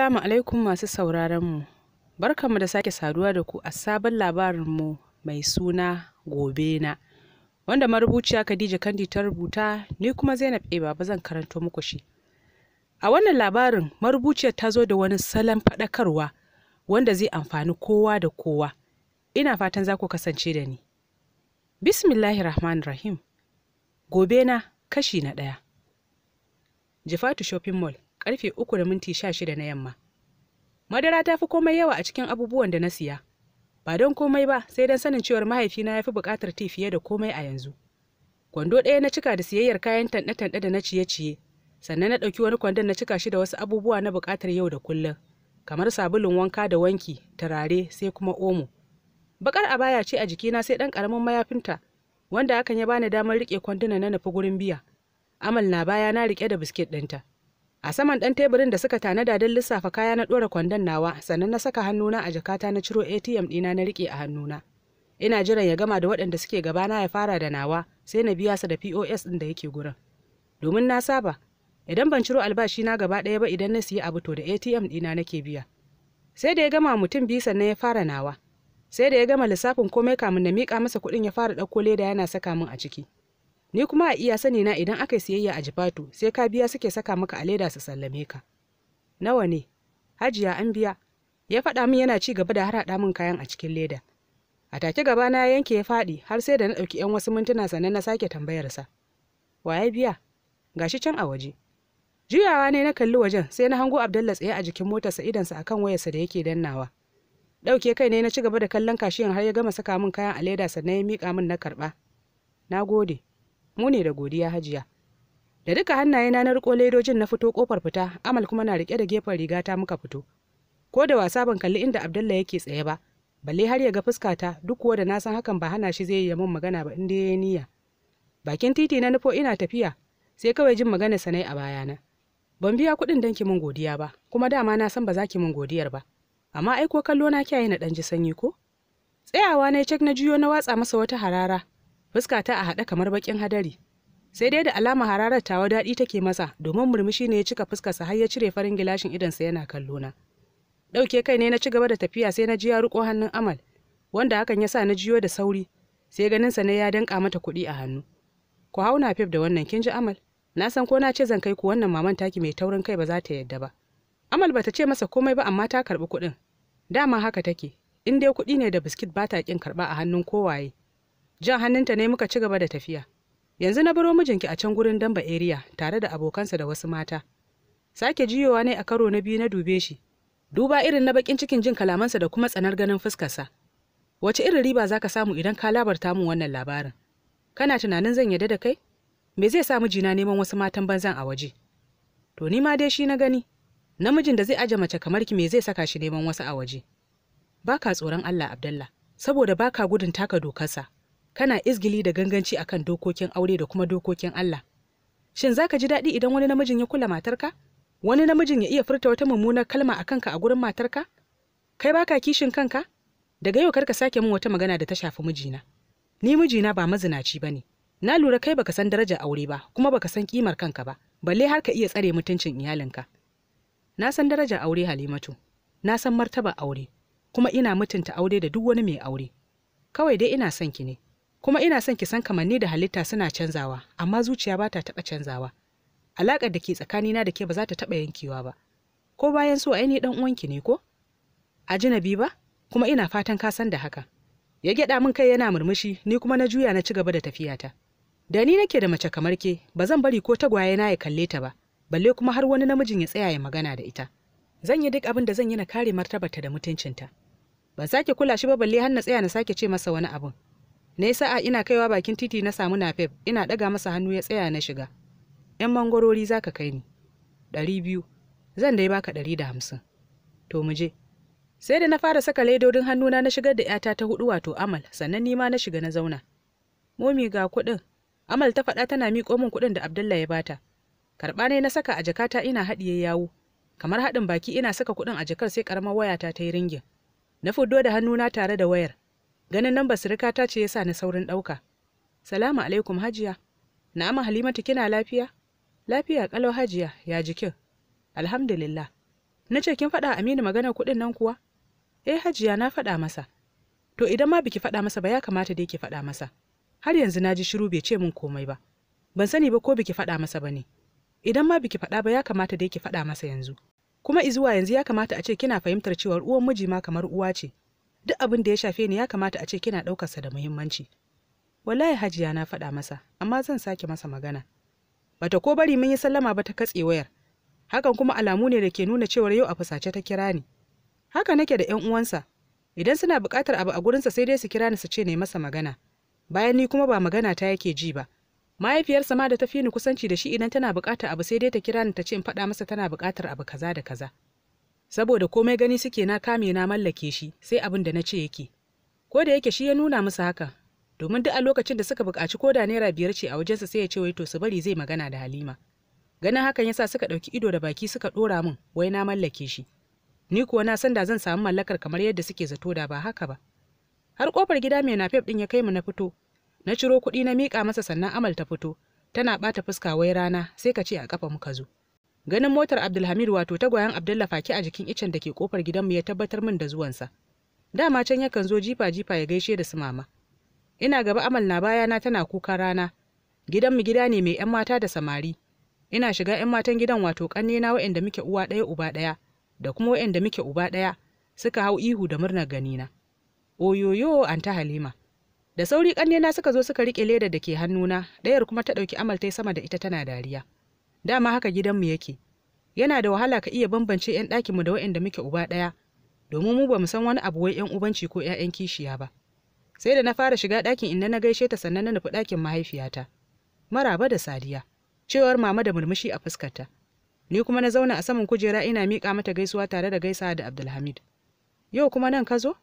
Assalamu alaikum masu mu. Barkanmu da sake saduwa da ku a sabon labarinmu mai suna gobe na. Wanda marubuciya Khadija Kandi ta rubuta ni kuma Zainab E Baba zan karanto muku shi. A wannan labarin marubuciya ta zo da wani salon faɗakarwa wanda zai amfani kowa da kowa. Ina fatan za ku kasance da ni. Bismillahirrahmanirrahim. Gobe na kashi na ɗaya. Jifatu Shopping Mall karfe uku da minti sha shida na yamma madara ta fi komai yawa a cikin abubuwan da na siya ba don komai ba sai don sanin cewar mahaifina ya fi buƙatar ti fiye da komai a yanzu kwando ɗaya na cika da siyayyar kayan tanɗe-tanɗe da na ciye-ciye sannan na ɗauki wani kwandon na cika shi da wasu abubuwa na buƙatar yau da kullum kamar sabulun wanka da wanki turare sai kuma omo bakar baya ce a jikina sai ɗan ƙaramin mayafinta wanda hakan ya bani damar riƙe kwanduna na nufi gurin biya amal na baya na riƙe da biskit ɗinta a saman ɗan teburin da suka tanada don lissafa kaya na ɗora kwandon nawa sannan na saka hannuna a jakata na ciro atm ɗina na riƙe a hannuna ina jiran ya gama da waɗanda suke gabana ya fara da nawa sai na biya su da pos ɗin da yake gurin domin na saba idan ban ciro albashi na gaba ɗaya ba idan na siya abu to da atm ɗina nake biya sai da ya gama mutum biyu sannan ya fara nawa sai da ya gama lissafin komai kamun na miƙa masa kuɗin ya fara ɗauko leda yana saka min a ciki ni kuma a iya sani na idan aka yi siyayya a jifatu sai ka biya suke saka maka a leda su sallame ka nawa ne hajiya an biya ya faɗa min yana ci gaba da haɗa min kayan a cikin leda a take gaba na yanke ya faɗi har sai da na ɗauki 'yan wasu mintuna sannan na sake tambayarsa wa ya biya gashi can a waje juyawa ne na kalli wajen sai na hango abdalla tsaye a jikin motarsa idansa akan wayarsa da yake dannawa ɗauke kai ne na ci gaba da kallon kashiyan har ya gama saka min kayan a leda sannan ya miƙa min na karɓa na gode mu ne da godiya hajiya da duka hannayena na riko ledojin na fito kofar fita amal kuma na rike da gefen rigata muka fito ko da wasa ban kalli inda Abdullahi yake tsaye ba balle har ya ga fuskata duk kuwa da na san hakan ba hana shi zai yi min magana ba inda ya niyya bakin titi na nufo ina tafiya sai kawai jin magana sanai a bayana ban biya kuɗin dan ki min godiya ba kuma dama na san ba za ki min godiyar ba amma ai ko kallo na kiyaye na ɗan ji sanyi ko tsayawa na check na juyo na watsa masa wata harara Fuska ta a haɗe kamar bakin hadari sai dai da alama hararar tawa daɗi take masa domin murmushi ne ya cika fuskarsa har ya cire farin gilashin idonsa yana kallona ɗauke kai ne na ci gaba da tafiya sai na ji ya riƙo hannun amal wanda hakan ya sa na jiyo da sauri sai ganinsa ne ya danƙa mata kuɗi a hannu ku hau fif da wannan kin ji amal na san ko na ce zan kai ku wannan maman taki mai taurin kai ba za ta yadda ba amal bata ce masa komai ba amma ta karɓi kuɗin dama haka take in dai kuɗi ne da biskit ba ta ƙin karɓa a hannun kowaye jan hannunta ne muka ci gaba da tafiya yanzu na baro mijinki a can gurin damba area tare da abokansa da wasu mata sake jiyowa ne a karo na biyu na dube shi duba irin na bakin cikin jin kalamansa da kuma tsanar ganin fuskarsa wace irin riba zaka samu idan ka labarta mu wannan labarin kana tunanin zan yadda da kai me zai sa mijina neman wasu matan banzan a waje to ni ma dai shi na gani namijin da zai aje mace kamar ki me zai saka shi neman wasu a waje baka tsoron Allah Abdallah saboda baka gudun taka dokarsa kana izgili da ganganci akan dokokin aure da kuma dokokin Allah shin za ka ji daɗi idan wani namijin ya kula matarka wani namijin ya iya furta wata mummunar kalma a kanka a gurin matarka kai baka kishin kanka daga yau karka sake min wata magana da ta shafi mijina ni mijina ba mazinaci ba ne. na lura kai baka san darajar aure ba kuma baka san kimar kanka ba balle har ka iya tsare mutuncin iyalinka na san darajar aure halimatu na san martaba aure kuma ina mutunta aure da duk wani mai aure kawai dai ina son ki ne kuma ina son ki san kamanni da halitta suna canzawa amma zuciya ba ta taɓa canzawa alaƙar da ke tsakanina da ke ba za ta taɓa yankewa ba ko bayan so ai ni dan uwanki ne ko a jinabi ba kuma ina fatan ka san da haka ya gyaɗa min kai yana murmushi ni kuma na juya na ci gaba da tafiyata da ni nake da mace kamar ke ba zan bari ko tagwaye na ya kalle ta ba balle kuma har wani namijin ya tsaya ya magana da ita zan yi duk abin da zan yi na kare martabarta da mutuncinta ban sake kula shi ba balle har na tsaya na sake ce masa wani abin na yi sa'a ina kaiwa bakin titi na samu nafef ina ɗaga masa hannu ya tsaya na shiga yan mangwarori za ka kai ni ɗari biyu zan dai baka ɗari da hamsin to mu je sai da na fara saka laidodin hannuna na shigar da yata ta hudu wato amal sannan nima na shiga na zauna momi ga kuɗin amal ta faɗa tana miƙo min kuɗin da abdullah ya bata karɓa ne na saka a jakata ina haɗiye yawo kamar haɗin baki ina saka kuɗin a jakar sai ƙaramar wayata ta yi ringin na fudo da hannuna tare da wayar ganin nan basirika ta ce yasa ni saurin ɗauka salamu alaikum hajiya na'ama halimatu kina lafiya lafiya kalau hajiya ya jikin alhamdulillah na ce kin faɗa aminu maganar kuɗin nan kuwa eh hajiya na faɗa masa to idan ma biki faɗa masa ba ya kamata da ki faɗa masa har yanzu na ji shiru bai ce min komai ba ban sani ba ko biki faɗa masa ba ne idan ma biki faɗa ba ya kamata da ki faɗa masa yanzu kuma izuwa yanzu ya kamata a ce kina fahimtar cewar uwan miji ma kamar uwa ce duk abin da ya shafe ni ya kamata a ce kina ɗaukarsa da muhimmanci wallahi hajiya na faɗa masa amma zan sake masa magana bata ko bari mun yi sallama ba ta katse wayar hakan kuma alamu ne da ke nuna cewar yau a fusace ta kira ni haka nake da yan uwansa idan suna buƙatar abu a gurinsa sai dai su kira ni su ce ne masa magana bayan ni kuma ba magana ta yake ji ba mahaifiyarsa ma da ta fi ni kusanci da shi idan tana buƙatar abu sai dai ta kira ni ta ce in faɗa masa tana buƙatar abu kaza da kaza saboda komai gani suke na kame na mallake shi sai abin da na ce yake ko da yake shi ya nuna musu haka domin duk a lokacin da suka buƙaci ko da naira biyar ce a wajensa sai ya ce wai to su bari zai magana da halima ganin hakan yasa suka ɗauki ido da baki suka ɗora min wai na mallake shi ni kuwa na san da zan samu mallakar kamar yadda suke zato da ba haka ba har kofar gida mai nafef ɗin ya kai mu na fito na ciro kuɗi na miƙa masa sannan amal ta fito tana ɓata fuska wai rana sai ka ce a ƙafa muka zo ganin motar abdulhamid wato tagwayen abdullah faki a jikin icen da ke kofar gidanmu ya tabbatar min da zuwansa dama can yakan zo jifa jifa ya gaishe da su mama ina gaba amal na bayana tana kuka rana gidanmu gida ne mai 'yan mata da samari ina shiga 'yan matan gidan wato kanne na wayanda muke uwa ɗaya uba ɗaya da kuma wayanda muke uba ɗaya suka hau ihu da murnar ganina oyoyo an halima da sauri kanne na suka zo suka riƙe leda da ke hannuna ɗayar kuma ta ɗauki amal ta sama da ita tana dariya dama haka gidanmu yake yana da wahala ka iya bambance 'yan ɗakinmu da waɗanda muke uba ɗaya domin mu ba mu san wani abu wai 'yan ubanci ko 'ya'yan kishiya ba sai da na fara shiga ɗakin inda na gaishe ta sannan na nufi ɗakin mahaifiyata maraba da sadiya cewar mama da murmushi a fuskarta ni kuma na zauna a saman kujera ina miƙa mata gaisuwa tare da gaisawa da abdulhamid yau kuma nan ka zo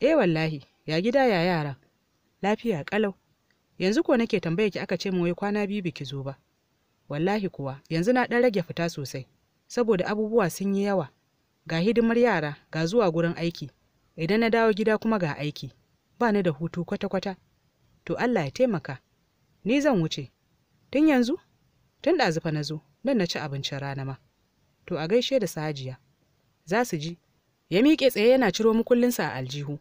eh wallahi ya gida ya yara lafiya kalau. yanzu ko nake tambaya ki aka ce mu wai kwana biyu biki zo ba wallahi kuwa yanzu na ɗan rage fita sosai saboda abubuwa sun yi yawa ga hidimar yara ga zuwa gurin aiki idan na dawo gida kuma ga aiki ba ni da hutu kwata-kwata to Allah ya taimaka ni zan wuce tun yanzu tun ɗazufa na zo nan na ci abincin rana ma to a gaishe da sajiya za su ji ya miƙe tsaye yana ciro mukullinsa a aljihu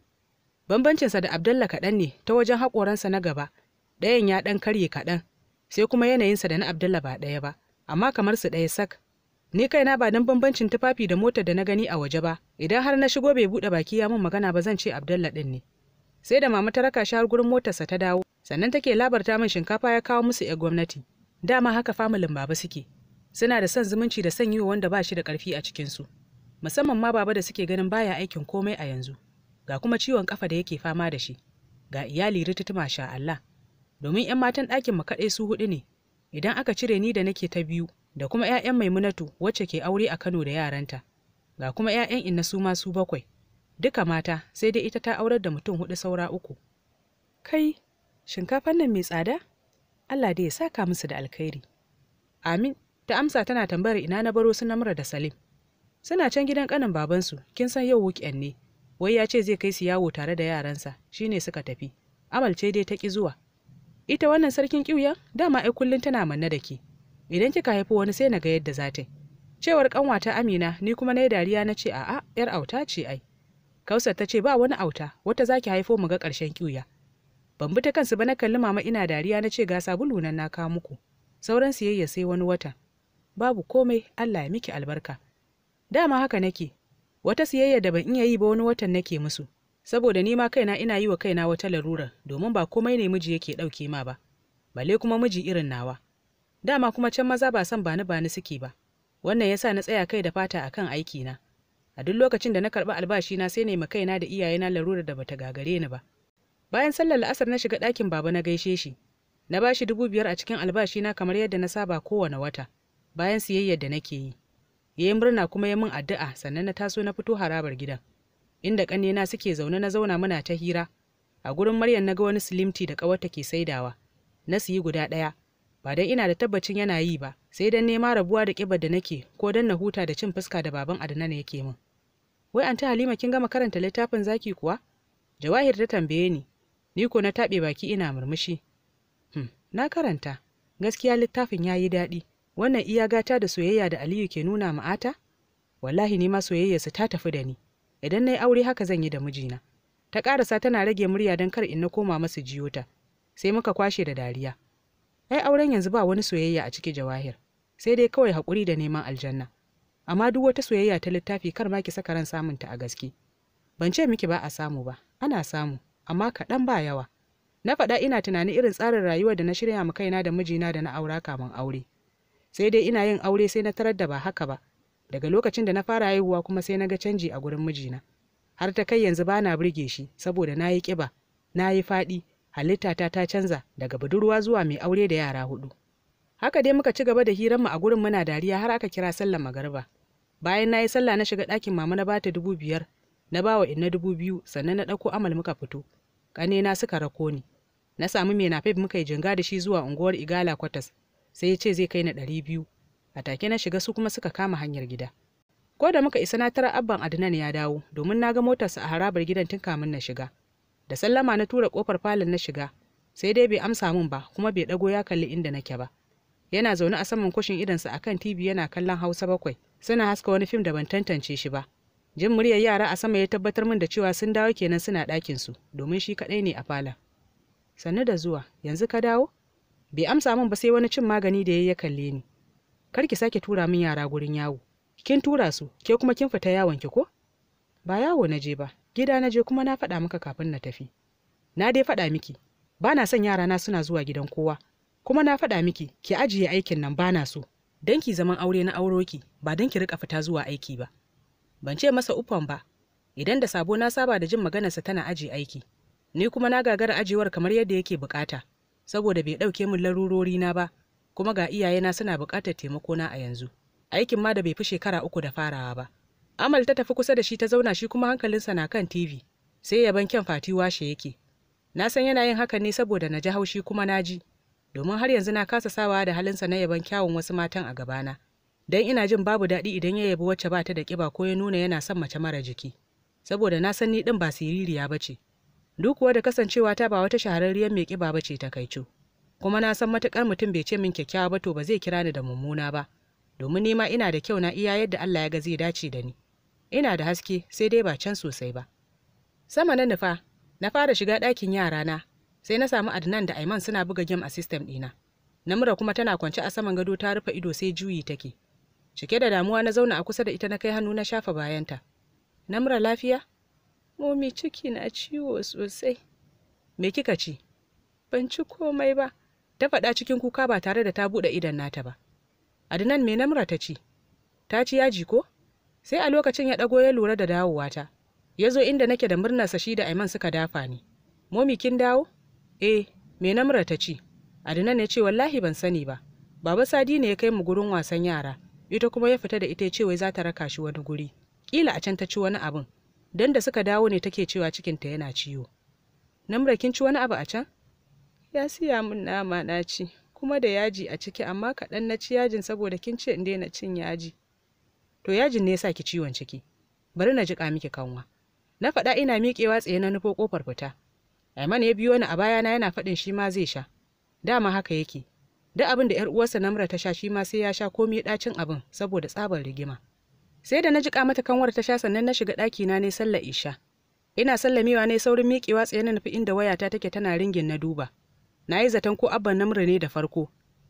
bambancinsa da abdalla kaɗan ne ta wajen haƙoransa na gaba ɗayan ya ɗan karye kaɗan sai kuma yanayinsa da na abdulla ba ɗaya ba amma kamar su ɗaya sak ni kaina ba dan bambancin tufafi da motar da na gani a waje ba idan har na shigo bai buɗe baki ya mun magana ba zan ce abdulla ɗin ne sai da mama ta raka shi har gurin motarsa ta dawo sannan take labarta min shinkafa ya kawo musu 'yan gwamnati dama haka familin baba suke suna da son zumunci da son yiwa wanda ba shi da ƙarfi a cikinsu musamman ma baba da suke ganin baya aikin komai a yanzu ga kuma ciwon kafa da yake fama da shi ga iyali ritituma sha Allah domin 'yan matan ɗakin mu kaɗai su huɗu ne idan aka cire ni da nake ta biyu da kuma 'ya'yan maimunatu wacce ke aure a kano da yaranta ga kuma 'ya'yan inna su ma su bakwai duka mata sai dai ita ta aurar da mutum hudu saura uku kai shinkafan nan mai tsada allah da ya saka musu da alkhairi amin ta amsa tana tambayar ina na baro su namura da salim suna can gidan kanin babansu kin san yau weekend ne wai ya ce zai kai su yawo tare da yaransa shine suka tafi amalce dai ta ki zuwa ita wannan sarkin ƙiuyan dama ai kullun tana manne da ke idan kika haifi wani sai na ga yadda za ta yi cewar ƙanwata amina ni kuma na yi dariya na ce a'a yar auta ce ai kausar ta ce ba wani auta wata zaki haifo mu ga ƙarshen ƙiuya ban bi ta kansu ba na kalli mama ina dariya na ce ga sabulu nan na kawo muku sauran siyayya sai wani wata babu komai Allah ya miki albarka dama haka nake wata siyayya da ban iya yi ba wani watan nake musu saboda ni ma kaina ina yi wa kaina wata larura domin ba komai ne miji yake ɗauke ma ba balle kuma miji irin nawa dama kuma can maza ba san bani bani suke ba wannan yasa na tsaya kai da fata akan aiki na a duk lokacin da na karɓi albashi na sai ne ma kaina da iyayena larura da bata gagare ni ba bayan sallar la'asar na shiga ɗakin baba na gaishe shi na ba shi dubu biyar a cikin albashi na kamar yadda na saba kowane wata bayan siyayyar da nake yi ya yi murna kuma ya min addu'a sannan na taso na fito harabar gidan inda ƙannena suke zaune na zauna muna ta hira a gurin maryam na ga wani silimti da ƙawarta ke saidawa na siyi guda ɗaya ba dan ina da tabbacin yana yi ba sai dan nema rabuwa da ƙibar da nake ko don na huta da cin fuska da baban adana ya yake min wai anta halima kin gama karanta littafin zaki kuwa jawahir ta tambaye ni ni ko na taɓe baki ina murmushi hmm. na karanta gaskiya littafin ya yi daɗi wannan iya gata da soyayya da aliyu ke nuna ma'ata wallahi ni ma soyayya su ta tafi da ni idan na yi aure haka zan yi da mijina ta ƙarasa tana rage murya don kar in na koma masa jiyota sai muka kwashe da dariya ai auren yanzu ba wani soyayya a ciki jawahir sai dai kawai haƙuri da neman aljanna amma duk wata soyayya ta littafi kar ma ki saka ran samun ta a gaske ban ce miki ba a samu ba ana samu amma kaɗan ba yawa na faɗa ina tunanin irin tsarin rayuwar da na shirya ma kaina da mijina da na aura kamin aure sai dai ina yin aure sai na tarar da ba haka ba daga lokacin da na fara haihuwa kuma sai na ga canji a gurin mijina har ta kai yanzu ba na burge shi saboda na yi ƙiba na yi faɗi halittata ta canza daga budurwa zuwa mai aure da yara hudu haka dai muka ci gaba da hiranmu a gurin muna dariya har aka kira sallar magariba bayan na yi sallah na shiga ɗakin mama na bata dubu biyar na ba bawa inna dubu biyu sannan na ɗauko amal muka fito ƙanena suka rako ni na samu mai nafif muka yi jinga da shi zuwa unguwar igala kwatas sai ya ce zai kai na ɗari biyu a take na shiga su kuma suka kama hanyar gida ko da muka isa na tara abban adnan ya dawo domin na ga motarsa a harabar gidan tun kamin na shiga da sallama na tura kofar falon na shiga sai dai bai amsa min ba kuma bai dago ya kalli inda nake ba yana zaune a saman kushin idansa akan tv yana kallon hausa bakwai suna haska wani fim da ban tantance shi ba jin muryar yara a sama ya tabbatar min da cewa sun dawo kenan suna ɗakin su domin shi kaɗai ne a falon sannu da zuwa yanzu ka dawo bai amsa min ba sai wani cin magani da ya kalle ni kar ki sake tura min yara gurin yawo kin tura su ke kuma kin fita yawon ki ko ba yawo na je ba gida na je kuma na faɗa maka kafin na tafi na dai faɗa miki ba na son yara na suna zuwa gidan kowa kuma na faɗa miki ki ajiye aikin nan ba na so Dan ki zaman aure na auro ki, ba dan ki rika fita zuwa aiki ba ban ce masa ufan ba idan da sabo na saba da jin maganarsa tana aji aiki ni kuma na gagara ajewar kamar yadda yake bukata saboda bai ɗauke min larurori na ba kuma ga iyayena suna buƙatar taimakona a yanzu aikin ma da bai fi shekara uku da farawa ba amal ta tafi kusa da shi ta zauna shi kuma hankalinsa na kan tv sai ya ban kyan fati washe yake na san yana yin hakan ne saboda na ji haushi kuma na ji domin har yanzu na kasa sawa da halinsa na yaban kyawun wasu matan a gabana don ina jin babu daɗi idan ya yabi wacce ba ta da ƙiba ko ya nuna yana son mace mara jiki saboda na san ni ɗin ba siririya ba ce duk kuwa da kasancewa ta ba wata shahararriyar mai ƙiba ba ce ta kaico kuma na san matukar mutum bai ce min kyakkyawa ba to ba zai kira ni da mummuna ba domin nima ina da kyau na iya yadda Allah ya ga zai dace da ni ina da haske sai dai ba can sosai ba sama na nufa na fara shiga ɗakin na sai na samu Adnan da Aiman suna buga game a system ɗina Namura kuma tana kwance a saman gado ta rufe ido sai juyi take cike da damuwa na zauna a kusa da ita na kai hannu na shafa bayanta Namura lafiya momi ciki na ciwo sosai me kika ci ban ci komai ba ta faɗa cikin kuka ba tare da ta buɗe idan nata ba adnan me namra ta ci ta ci yaji ko sai a lokacin ya ɗago ya lura da dawowa ta. ya zo inda nake da murnarsa shi da aiman suka dafa ni momi kin dawo eh me namra ta ci adnan ya ce wallahi ban sani ba baba sadi ne ya kai mu gurin wasan yara ita kuma ya fita da ita ya ce wai za ta raka shi wani guri kila a can ta ci wani abin dan da suka dawo ne take cewa cikinta yana ciwo namra kin ci wani abu a can ya siya min nama na ci kuma da yaji a ciki amma kaɗan na ci yajin saboda kin ce in daina cin yaji to yajin ne yasa ki ciwon ciki bari na jiƙa miki kanwa na faɗa ina miƙewa tsaye na nufo ƙofar fita Aiman ya biyo ni a bayana yana faɗin shi ma zai sha dama haka yake duk abin da 'yar uwarsa namra ta sha shi ma sai ya sha komai ɗacin abin saboda tsabar rigima sai da na jiƙa mata kanwar ta sha sannan na shiga ɗaki na ne sallah isha ina sallamewa ne saurin miƙewa tsaye na nufi inda wayata take tana ringin na duba na yi zaton ko abban namra ne da farko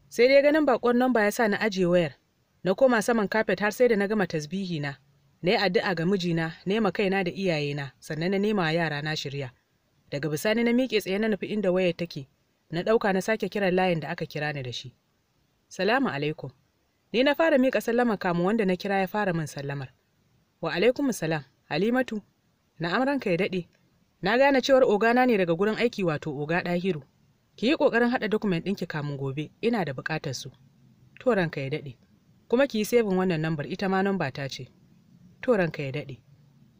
sai dai ganin bakon namba ya sa na aje wayar na koma saman kafet har sai da na gama tasbihi na na yi addu'a ga mijina nema kaina da iyayena sannan na nema yara na shirya daga bisani na miƙe tsaye na nufi inda wayar take na ɗauka na sake kiran layin da aka kira ni da shi salamu alaikum ni na fara miƙa sallama kamu wanda na kira ya fara min sallamar wa alaikum salam halimatu na amranka ya daɗe na gane cewar ogana ne daga gurin aiki wato oga ɗahiru ki yi ƙoƙarin haɗa dokumen ɗinki kamun gobe ina da buƙatar su to ranka ya daɗe kuma ki yi sebin wannan nambar ita ma namba ta ce to ranka ya daɗe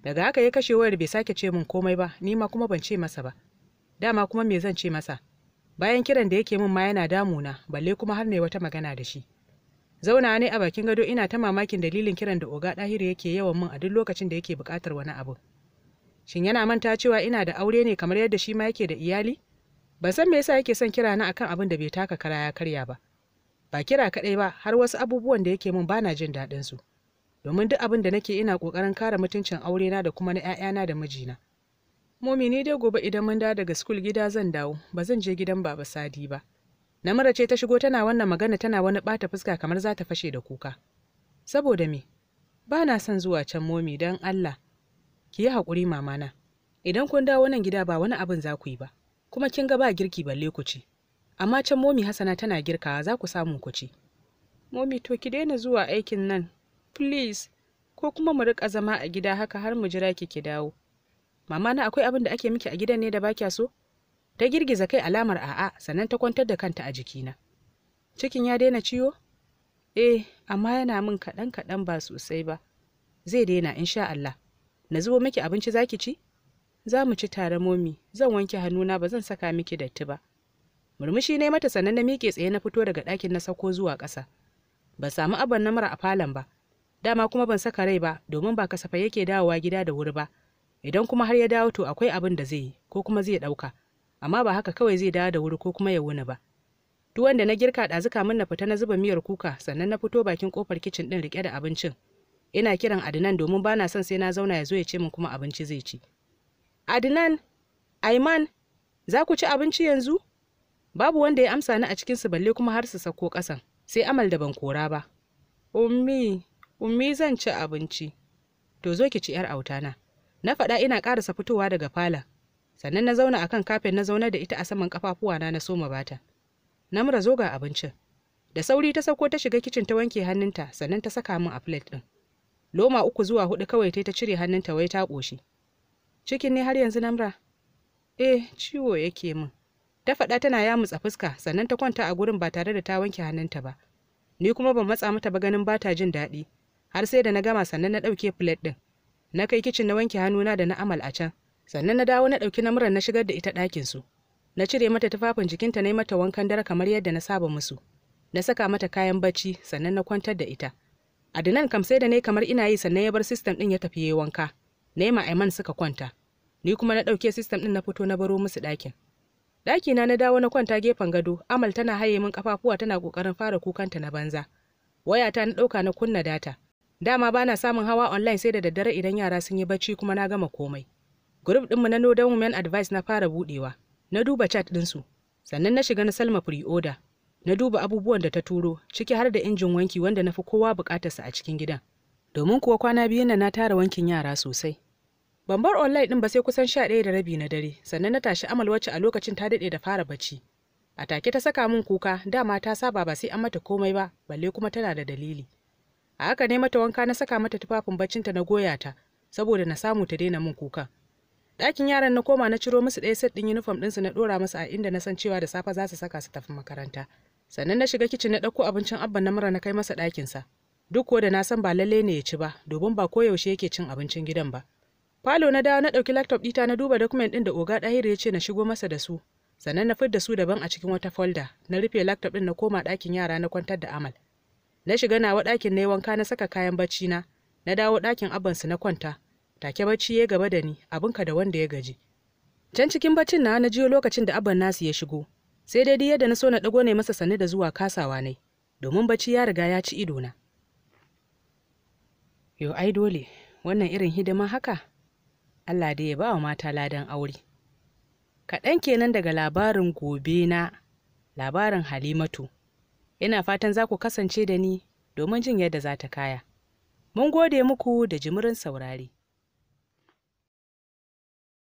daga haka ya kashe wayar bai sake ce min komai ba ni ma kuma ban ce masa ba dama kuma me zan ce masa bayan kiran da yake min ma yana damuna balle kuma har ne wata magana da shi zauna ne a bakin gado ina ta mamakin dalilin kiran da oga ɗahiru yake yawan min a duk lokacin da yake buƙatar wani abu shin yana manta cewa ina da aure ne kamar yadda shi ma yake da iyali ban san me yasa yake son kira na akan abin da bai taka kara ya karya ba ba kira kaɗai ba har wasu abubuwan da yake min bana jin daɗin su domin duk abin da nake ina kokarin kare mutuncin na da kuma na 'ya'yana da mijina momi ni dai gobe idan mun dawo daga skul gida zan dawo ba zan je gidan baba sadi ba namara ce ta shigo tana wannan magana tana wani bata fuska kamar za ta fashe da kuka saboda me ba na son zuwa can momi don allah ki yi haƙuri mamana idan kun dawo nan gida ba wani abin za ku yi ba kuma kin ga ba girki balle ku ci amma can momi hasana tana girkawa za ku samu ku ci momi to ki daina zuwa aikin nan please ko kuma mu riƙa zama a gida haka har mu jira ki ki dawo mama na akwai abin da ake miki a gidan ne da ba so ta girgiza kai alamar a'a sannan ta kwantar da kanta a jikina cikin ya daina ciwo eh amma yana min kaɗan kaɗan ba sosai ba zai daina insha Allah na zubo miki abinci zaki ci za mu ci tare momi zan wanke hannuna ba zan saka miki datti ba murmushi ne mata sannan na miƙe tsaye na fito daga ɗakin na sako zuwa ƙasa ba samu abin namara a falon ba dama kuma ban saka rai ba domin ba kasafa yake dawowa gida da wuri ba idan kuma har ya dawo to akwai abin da zai yi ko kuma zai ɗauka amma ba haka kawai zai dawo da wuri ko kuma ya wuni ba duk wanda na girka ɗazu min na fita na zuba miyar kuka sannan na fito bakin kofar kicin ɗin riƙe da abincin ina kiran adinan domin bana son sai na zauna ya zo ya ce min kuma abinci zai ci Adnan, Aiman, za ku ci abinci yanzu? Babu wanda ya amsa ni a cikinsu balle kuma har su sako ƙasan, sai amal da ban kora ba. Ummi, ummi zan ci abinci. To zo ki ci 'yar autana. Na faɗa ina ƙarasa fitowa daga falon. Sannan na zauna akan kafin na zauna da ita a saman kafafuwana na soma bata. namura zo ga abincin. Da sauri ta sako ta shiga kicin ta wanke hannunta sannan ta saka min a plate ɗin. Loma uku zuwa hudu kawai ta ta cire hannunta wai ta ƙoshi. cikin ne har yanzu namra eh ciwo yake min ta faɗa tana yamutsa fuska sannan ta kwanta a gurin ba tare da ta wanke hannunta ba ni kuma ban matsa mata ba ganin ba ta jin daɗi har sai da na gama sannan na ɗauke filet ɗin na kai kicin na wanke hannuna da na amal a can sannan na dawo na ɗauki namuran na shigar da ita ɗakinsu. su na cire mata tufafin jikinta na yi mata wankan dare kamar yadda na saba musu na saka mata kayan bacci sannan na kwantar da ita adinan kam sai da na kamar ina yi sannan ya bar sistem ɗin ya tafi yi wanka Naima Aiman suka kwanta. Ni kuma na ɗauke sistem ɗin na fito na baro musu ɗakin. Ɗakina na dawo na kwanta gefen gado, Amal tana haye min kafafuwa tana ƙoƙarin fara kukanta na banza. Wayata na ɗauka na kunna data. Dama bana samun hawa online sai da daddare idan yara sun yi bacci kuma na gama komai. Group ɗinmu na nodan Women Advice na fara buɗewa. Na duba chat ɗinsu. Sannan na shiga na Salma pre-order. Na duba abubuwan da ta turo, ciki har da injin wanki wanda na fi kowa buƙatarsa a cikin gidan. domin kuwa kwana biyun nan na tara wankin yara sosai bambar bar online din ba sai kusan sha ɗaya da rabi na dare sannan na tashi amal wacce a lokacin ta daɗe da fara bacci a take ta saka min kuka dama ta saba ba sai an mata komai ba balle kuma tana da dalili a haka ne mata wanka na saka mata tufafin baccinta na goya ta saboda na samu ta daina min kuka ɗakin yaran na koma na ciro musu ɗaya set ɗin yunifom ɗinsu na ɗora musu a inda na san cewa da safe za su saka su tafi makaranta sannan na shiga kicin na ɗauko abincin abban na mura na kai masa ɗakinsa duk ko da na san ba lalle ne ya ci ba domin ba koyaushe yake cin abincin gidan ba falo na dawo na ɗauki laptop ɗita na duba dokumen ɗin da oga ɗahir ya ce na shigo masa da su sannan na fidda su daban a cikin wata folda na rufe laptop ɗin na koma ɗakin yara na kwantar da amal na shiga nawa ɗakin na yi wanka na saka kayan bacci na na dawo ɗakin abansu na kwanta take bacci ya gaba da ni ka da wanda ya gaji can cikin baccin na na jiyo lokacin da abban nasu ya shigo sai dai yadda na so na ɗago ne masa sannu da zuwa kasawa ne domin bacci ya riga ya ci idona Yo ai dole, wannan irin hidima haka? Allah dai ya ba wa mata ladan aure. Kaɗan kenan daga labarin gobe na labarin Halimatu. Ina fatan za ku kasance da ni domin jin yadda za ta kaya. Mun gode muku da jimirin saurari.